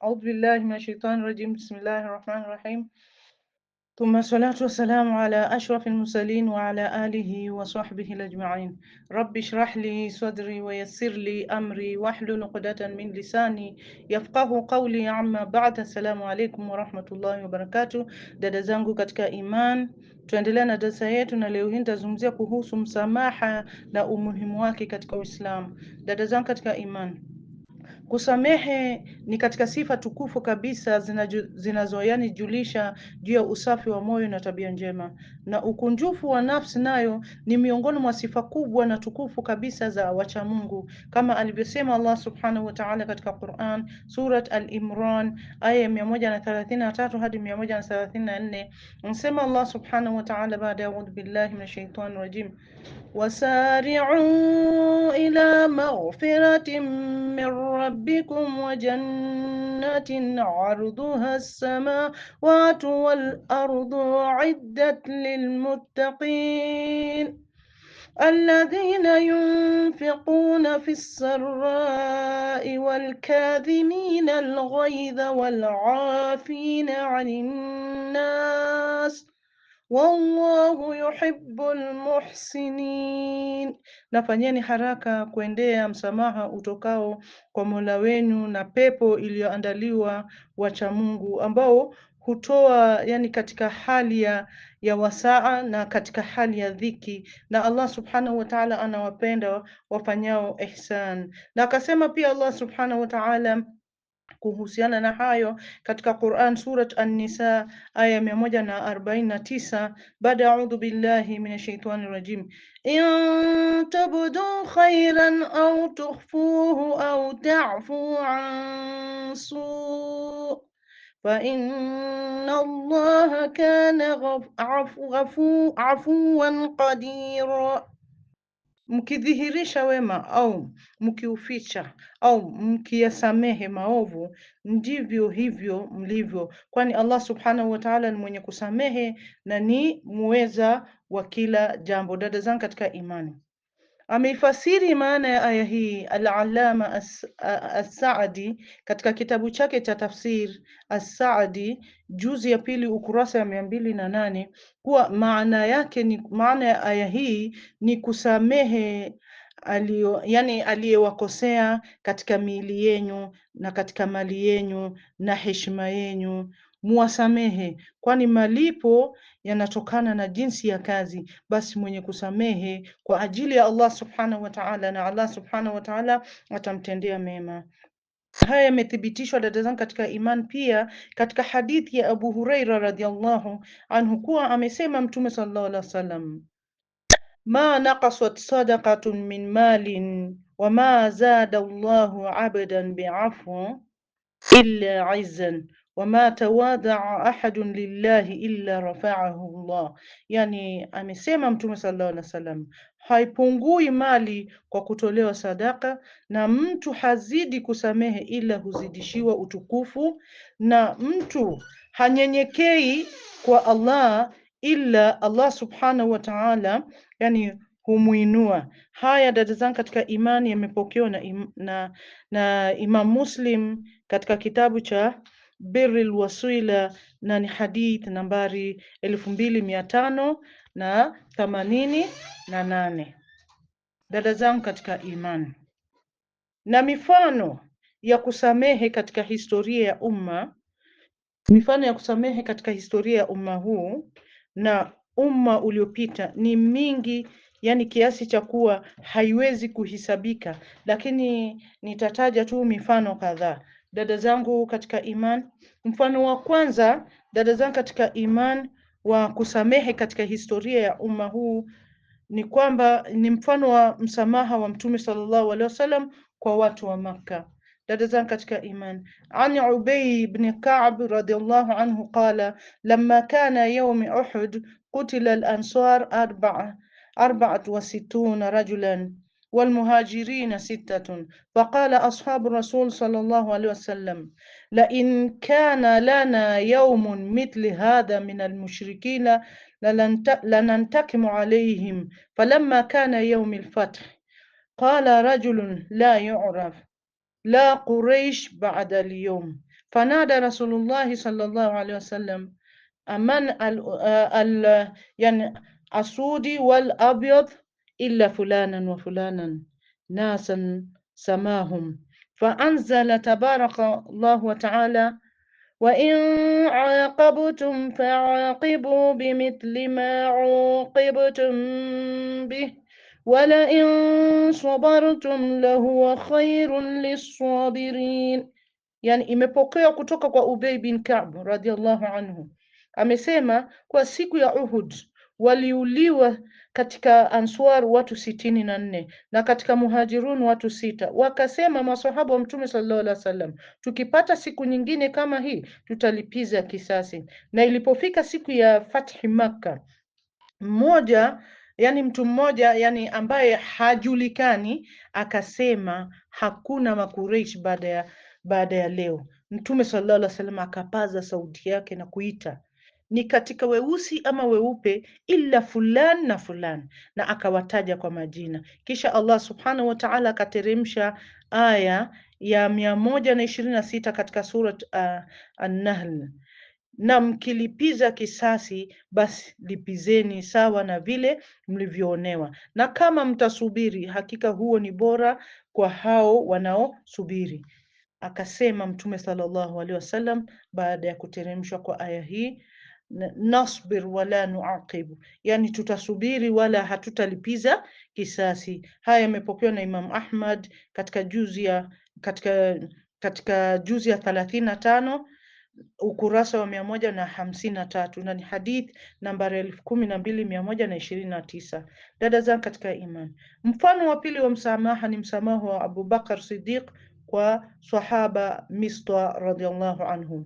Audhu billahi minashaitanir rajim. Bismillahir rahmanir rahim. Thumma salatu wassalamu ala ashrafil mursalin wa ala alihi wa sahbihi ajma'in. Rabbi shrah li sadri wa yassir li amri wahlul uqdatan min lisani yafqahu qawli. Amma ba'd. Assalamu alaykum wa rahmatullahi wa barakatuh. Dada zangu katika iman, tuendelea na darsa yetu, na leo hii nitazungumzia kuhusu msamaha na umuhimu wake katika Uislamu. Dada zangu katika iman Kusamehe ni katika sifa tukufu kabisa zinazoyanijulisha juu ya usafi wa moyo na tabia njema, na ukunjufu wa nafsi nayo ni miongoni mwa sifa kubwa na tukufu kabisa za wacha Mungu, kama alivyosema Allah subhanahu wa ta'ala katika Quran Surat Al-Imran aya ya 133 hadi 134, anasema Allah subhanahu wa ta'ala baada ya a'udhu billahi minash shaitani rajim wasari'u ila maghfiratin min ربكم وجنات عرضها السماوات والأرض أعدت للمتقين الذين ينفقون في السراء والكاذمين الغيظ والعافين عن الناس wallahu yuhibbu almuhsinin. nafanyeni haraka kuendea msamaha utokao kwa Mola wenu na pepo iliyoandaliwa wacha Mungu ambao hutoa yani katika hali ya, ya wasaa na katika hali ya dhiki, na Allah subhanahu wa ta'ala anawapenda wafanyao ihsan. Na akasema pia Allah subhanahu wa ta'ala kuhusiana na hayo katika Quran Surat An-Nisa aya mia moja na arobaini na tisa baada ya audhu billahi minash shaitani rajim in tabdu khairan au tukhfuhu au ta'fu an su fa inna Allaha kana afuwan qadira mkidhihirisha wema au mkiuficha au mkiyasamehe maovu, ndivyo hivyo mlivyo, kwani Allah subhanahu wa ta'ala ni mwenye kusamehe na ni muweza wa kila jambo. Dada zangu katika imani Ameifasiri maana ya aya hii Al-Allama As-Saadi katika kitabu chake cha tafsir As-Saadi juzi ya pili ukurasa ya mia mbili na nane kuwa maana yake ni maana ya aya hii ni kusamehe alio, yani aliyewakosea katika miili yenyu na katika mali yenyu na heshima yenyu muwasamehe, kwani malipo yanatokana na jinsi ya kazi. Basi mwenye kusamehe kwa ajili ya Allah subhanahu wa ta'ala, na Allah subhanahu wa ta'ala atamtendea mema. Haya yamethibitishwa dada zangu katika iman, pia katika hadithi ya Abu Huraira radhiallahu anhu kuwa amesema Mtume sallallahu alaihi wasallam, ma naqasat sadaqatun min malin wa ma zada Allahu abdan bi'afwi illa izzan wama tawadhaa ahadun lillahi illa rafaahu Allah, yani amesema Mtume sallallahu alaihi wasallam, haipungui mali kwa kutolewa sadaka, na mtu hazidi kusamehe ila huzidishiwa utukufu, na mtu hanyenyekei kwa Allah ila Allah subhanahu wa ta'ala yani humuinua. Haya dada zangu katika imani yamepokewa na, im, na, na Imam Muslim katika kitabu cha birril wasila na ni hadith nambari elfu mbili mia tano na thamanini na nane. Dada zangu katika imani, na mifano ya kusamehe katika historia ya umma, mifano ya kusamehe katika historia ya umma huu na umma uliopita ni mingi yani kiasi cha kuwa haiwezi kuhisabika, lakini nitataja tu mifano kadhaa dada zangu katika iman. Mfano wa kwanza, dada zangu katika iman, wa kusamehe katika historia ya umma huu ni kwamba ni mfano wa msamaha wa Mtume sallallahu alaihi wasallam kwa watu wa Makka. Dada zangu katika iman, an Ubay ibn Ka'b radiyallahu anhu qala lamma kana yawm Uhud qutila al-ansar arba'a arba'at wa rajulan والمهاجرين ستة فقال أصحاب الرسول صلى الله عليه وسلم لئن كان لنا يوم مثل هذا من المشركين لننتكم عليهم فلما كان يوم الفتح قال رجل لا يعرف لا قريش بعد اليوم فنادى رسول الله صلى الله عليه وسلم أمن ال يعني السودي والأبيض إلا فلانا وفلانا ناسا سماهم فأنزل تبارك الله وتعالى وإن عاقبتم فعاقبوا بمثل ما عوقبتم به ولئن صبرتم لهو خير للصابرين yani يعني imepokewa kutoka kwa Ubay bin Ka'b عنه anhu amesema kwa siku ya Uhud waliuliwa katika Answar watu sitini na nne na katika Muhajirun watu sita. Wakasema maswahaba wa Mtume sallallahu alaihi wasallam, tukipata siku nyingine kama hii tutalipiza kisasi. Na ilipofika siku ya fathi Makka, mmoja yani mtu mmoja yani ambaye hajulikani akasema hakuna makureish baada ya baada ya leo. Mtume sallallahu alaihi wasallam akapaza sauti yake na kuita ni katika weusi ama weupe illa fulani na fulani, na akawataja kwa majina. Kisha Allah subhanahu wa ta'ala akateremsha aya ya mia moja na ishirini na sita katika surat uh, An-Nahl, na mkilipiza kisasi basi lipizeni sawa na vile mlivyoonewa, na kama mtasubiri, hakika huo ni bora kwa hao wanaosubiri. Akasema Mtume sallallahu alaihi wasallam baada ya kuteremshwa kwa aya hii nasbir wala nuaqibu, yani tutasubiri wala hatutalipiza kisasi. Haya yamepokewa na Imam Ahmad katika juzi ya katika katika juzi ya thalathini na tano ukurasa wa mia moja na hamsini na tatu na ni hadith nambari elfu kumi na mbili mia moja na ishirini na tisa. Dada zangu katika imani, mfano wa pili wa msamaha ni msamaha wa Abu Bakar Siddiq kwa sahaba Mista radhiallahu anhum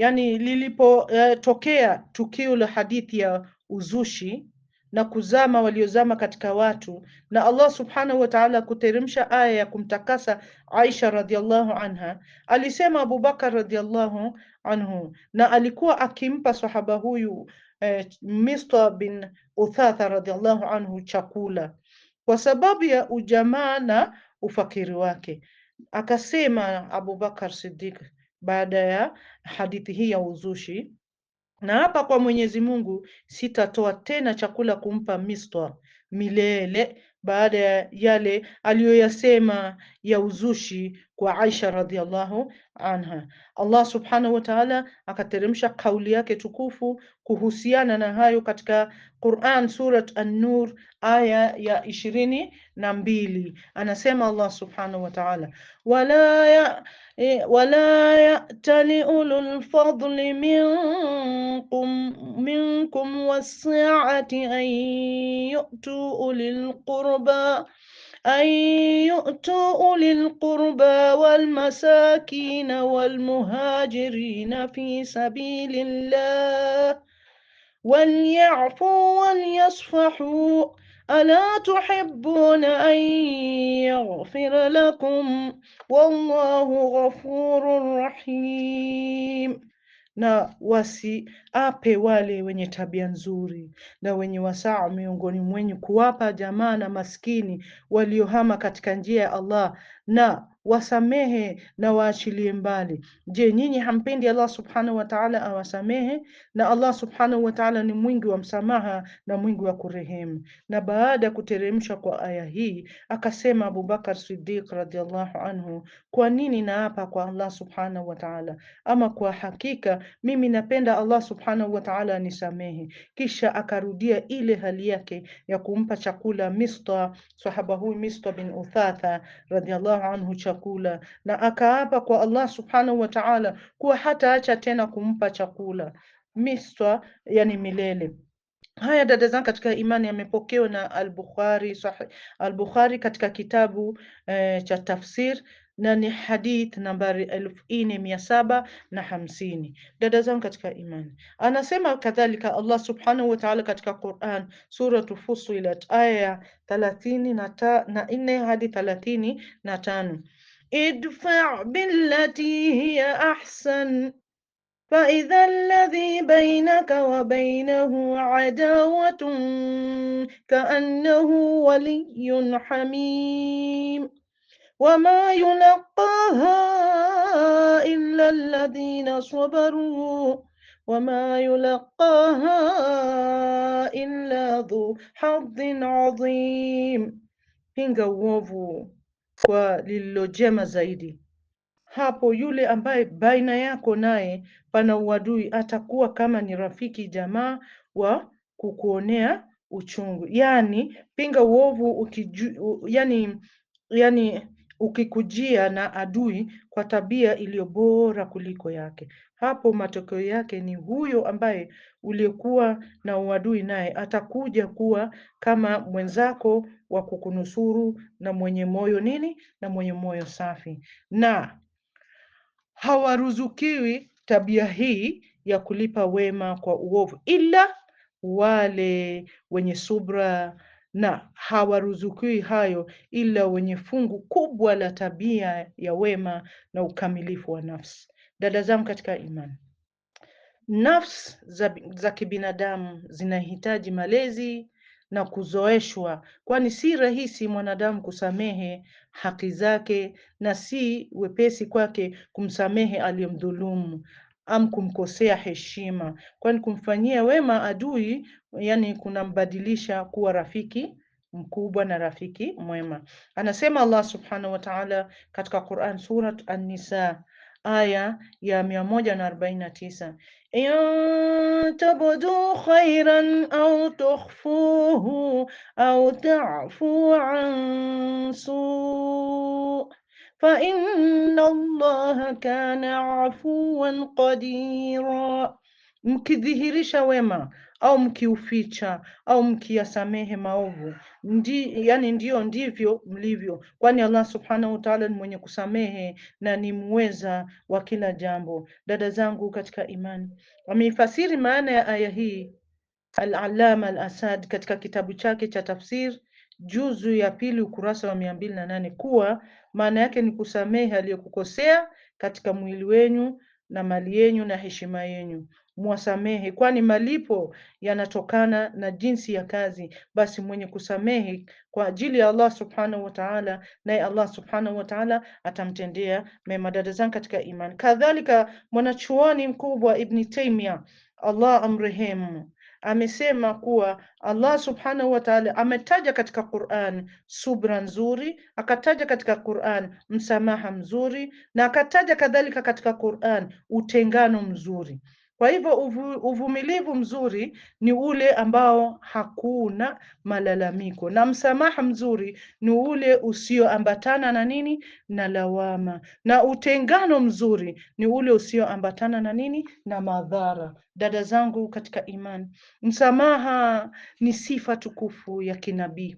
yani lilipotokea eh, uh, tukio la hadithi ya uzushi na kuzama waliozama katika watu na Allah subhanahu wa ta'ala kuteremsha aya ya kumtakasa Aisha radhiallahu anha, alisema Abubakar radhiallahu anhu, na alikuwa akimpa sahaba huyu eh, Mista bin Uthatha radhiallahu anhu chakula kwa sababu ya ujamaa na ufakiri wake. Akasema Bakar Siddiq baada ya hadithi hii ya uzushi na hapa kwa Mwenyezi Mungu sitatoa tena chakula kumpa Mistor milele baada ya yale aliyoyasema ya uzushi kwa Aisha radhiallahu anha. Allah subhanahu wa ta'ala akateremsha kauli yake tukufu kuhusiana na hayo katika Quran Surat An-Nur aya ya ishirini na mbili. Anasema Allah subhanahu wa ta'ala, wala ya wala ya'tali ulul fadli minkum minkum was-sa'ati an yu'tu ulil qurba القربى أن يؤتوا أولي القربى والمساكين والمهاجرين في سبيل الله وليعفوا وليصفحوا ألا تحبون أن يغفر لكم والله غفور رحيم na wasiape wale wenye tabia nzuri, na wenye wasaa miongoni mwenyu kuwapa jamaa na maskini waliohama katika njia ya Allah na wasamehe na waachilie mbali. Je, nyinyi hampendi Allah subhanahu wa ta'ala awasamehe? Na Allah subhanahu wa ta'ala ni mwingi wa msamaha na mwingi wa kurehemu. Na baada ya kuteremsha kwa aya hii akasema Abubakar Siddiq radhiallahu anhu, kwa nini naapa kwa Allah subhanahu wa ta'ala? Ama kwa hakika mimi napenda Allah subhanahu wa ta'ala anisamehe. Kisha akarudia ile hali yake ya kumpa chakula Mista, sahaba huyu Mista bin Uthatha radhiallahu anhu chakula, na akaapa kwa Allah subhanahu wa ta'ala kuwa hataacha tena kumpa chakula miswa, yani milele. Haya dada zangu katika imani, yamepokewa na Al-Bukhari sahih Al-Bukhari katika kitabu eh, cha tafsir na ni hadith nambari elfu nne mia saba na hamsini. Dada zangu katika imani, anasema kadhalika Allah subhanahu wa ta'ala katika Quran suratu Fussilat aya ya thalathini na nne hadi thalathini na tano idfa billati hiya ahsan فإذا الذي بينك وبينه عداوة كأنه ولي حميم وما يلقاها إلا الذين صبروا وما يلقاها إلا ذو حظ عظيم pinga uovu kwa lililo jema zaidi. Hapo yule ambaye baina yako naye pana uadui atakuwa kama ni rafiki jamaa wa kukuonea uchungu, yani pinga uovu ukiju, yani, yani ukikujia na adui kwa tabia iliyo bora kuliko yake. Hapo matokeo yake ni huyo ambaye uliyekuwa na uadui naye atakuja kuwa kama mwenzako wa kukunusuru na mwenye moyo nini, na mwenye moyo safi, na hawaruzukiwi tabia hii ya kulipa wema kwa uovu, ila wale wenye subra na hawaruzukiwi hayo ila wenye fungu kubwa la tabia ya wema na ukamilifu wa nafsi. Dada zangu katika imani, nafsi za, za kibinadamu zinahitaji malezi na kuzoeshwa, kwani si rahisi mwanadamu kusamehe haki zake na si wepesi kwake kumsamehe aliyemdhulumu am kumkosea heshima, kwani kumfanyia wema adui yani kunambadilisha kuwa rafiki mkubwa na rafiki mwema. Anasema Allah subhanahu wa ta'ala katika Quran Surat An-Nisa aya ya mia moja na arobaini na tisa in tabdu khairan au tukhfuhu au tafu an su faina Allaha kana afuwan qadira, mkidhihirisha wema au mkiuficha au mkiyasamehe maovu ndi, yani ndiyo ndivyo mlivyo, kwani Allah subhanahu wa ta'ala ni mwenye kusamehe na ni mweza wa kila jambo. Dada zangu katika imani, wameifasiri maana ya aya hii al-Allama al-Asad katika kitabu chake cha tafsir juzu ya pili ukurasa wa mia mbili na nane kuwa maana yake ni kusamehe aliyokukosea katika mwili wenyu na mali yenyu na heshima yenyu mwasamehe, kwani malipo yanatokana na jinsi ya kazi. Basi mwenye kusamehe kwa ajili ya Allah subhanahu wa ta'ala, naye Allah subhanahu wa ta'ala atamtendea mema. Dada zangu katika imani, kadhalika mwanachuoni mkubwa Ibni Taimia, Allah amrehemu amesema kuwa Allah subhanahu wa ta'ala ametaja katika Qur'an subra nzuri, akataja katika Qur'an msamaha mzuri, na akataja kadhalika katika Qur'an utengano mzuri. Kwa hivyo uvumilivu mzuri ni ule ambao hakuna malalamiko, na msamaha mzuri ni ule usioambatana na nini? Na lawama. Na utengano mzuri ni ule usioambatana na nini? Na madhara. Dada zangu katika imani, msamaha ni sifa tukufu ya kinabii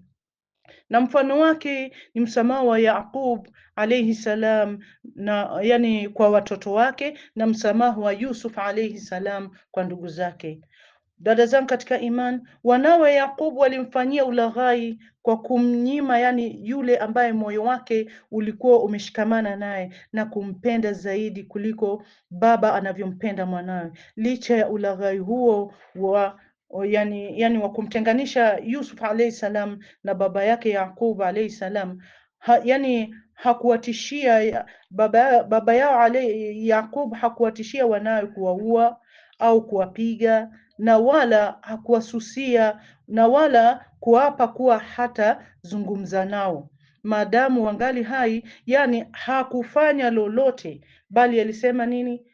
na mfano wake ni msamaha wa Yaqub alayhi salam, na yani kwa watoto wake, na msamaha wa Yusuf alayhi salam kwa ndugu zake. Dada zangu katika iman, wanawe yaqub walimfanyia ulaghai kwa kumnyima, yani yule ambaye moyo wake ulikuwa umeshikamana naye na kumpenda zaidi kuliko baba anavyompenda mwanawe, licha ya ulaghai huo wa yani, yani wa kumtenganisha Yusuf alayhi salam na baba yake Yaqub alayhi salam ha, yani hakuwatishia baba, baba yao Yaqub hakuwatishia wanawe kuwaua au kuwapiga na wala hakuwasusia na wala kuapa kuwa hata zungumza nao maadamu wangali hai, yani hakufanya lolote, bali alisema nini?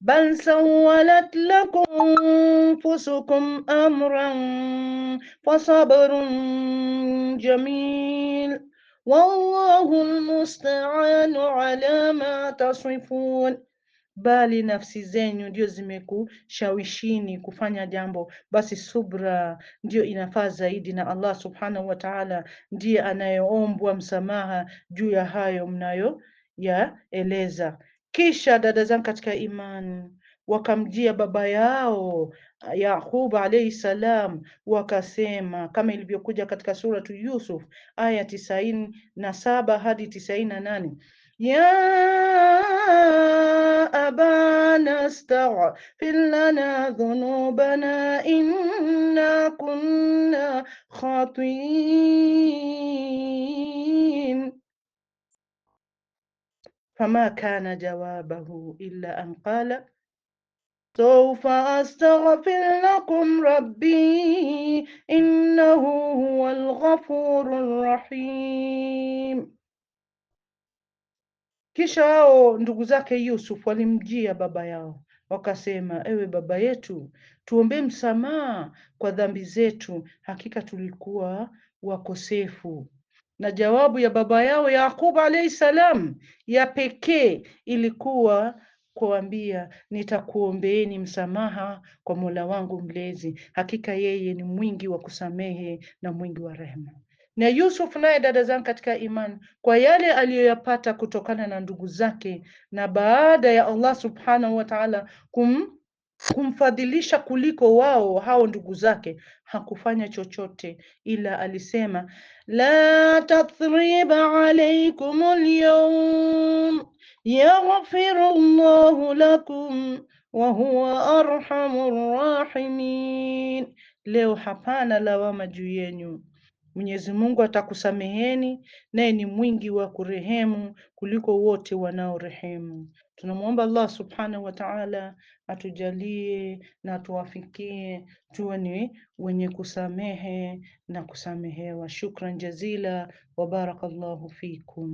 بل سولت لكم أنفسكم أمرا فصبر جميل والله المستعان على ما تصفون bali nafsi zenyu ndio zimekushawishini kufanya jambo, basi subra ndio inafaa zaidi, na Allah subhanahu wa ta'ala ndiye anayeombwa msamaha juu ya hayo mnayoyaeleza. Kisha dada zangu katika imani wakamjia baba yao Yaqub alayhi salam, wakasema kama ilivyokuja katika suratu Yusuf aya tisaini na saba hadi tisaini na nane ya abana staghfir lana dhunubana inna kunna khatiin fama kana jawabahu illa an qala sawfa astaghfir lakum rabbi innahu huwal ghafurur rahim. Kisha hao ndugu zake Yusuf walimjia baba yao wakasema, ewe baba yetu, tuombee msamaha kwa dhambi zetu, hakika tulikuwa wakosefu na jawabu ya baba yao Yaqubu alayhi salam ya pekee ilikuwa kuambia nitakuombeeni msamaha kwa Mola wangu mlezi, hakika yeye ni mwingi wa kusamehe na mwingi wa rehema. Na Yusuf naye, dada zangu katika imani, kwa yale aliyoyapata kutokana na ndugu zake na baada ya Allah subhanahu wa ta'ala kum kumfadhilisha kuliko wao hao ndugu zake, hakufanya chochote ila alisema la tathriba alaykum alyawm yaghfiru llahu lakum wa huwa arhamur rahimin, leo hapana lawama juu yenu, Mwenyezi Mungu atakusameheni, naye ni mwingi wa kurehemu kuliko wote wanaorehemu. Tunamwomba Allah subhanahu wa ta'ala atujalie na tuwafikie tuwe ni wenye kusamehe na kusamehewa. Shukran jazila wa barakallahu fikum.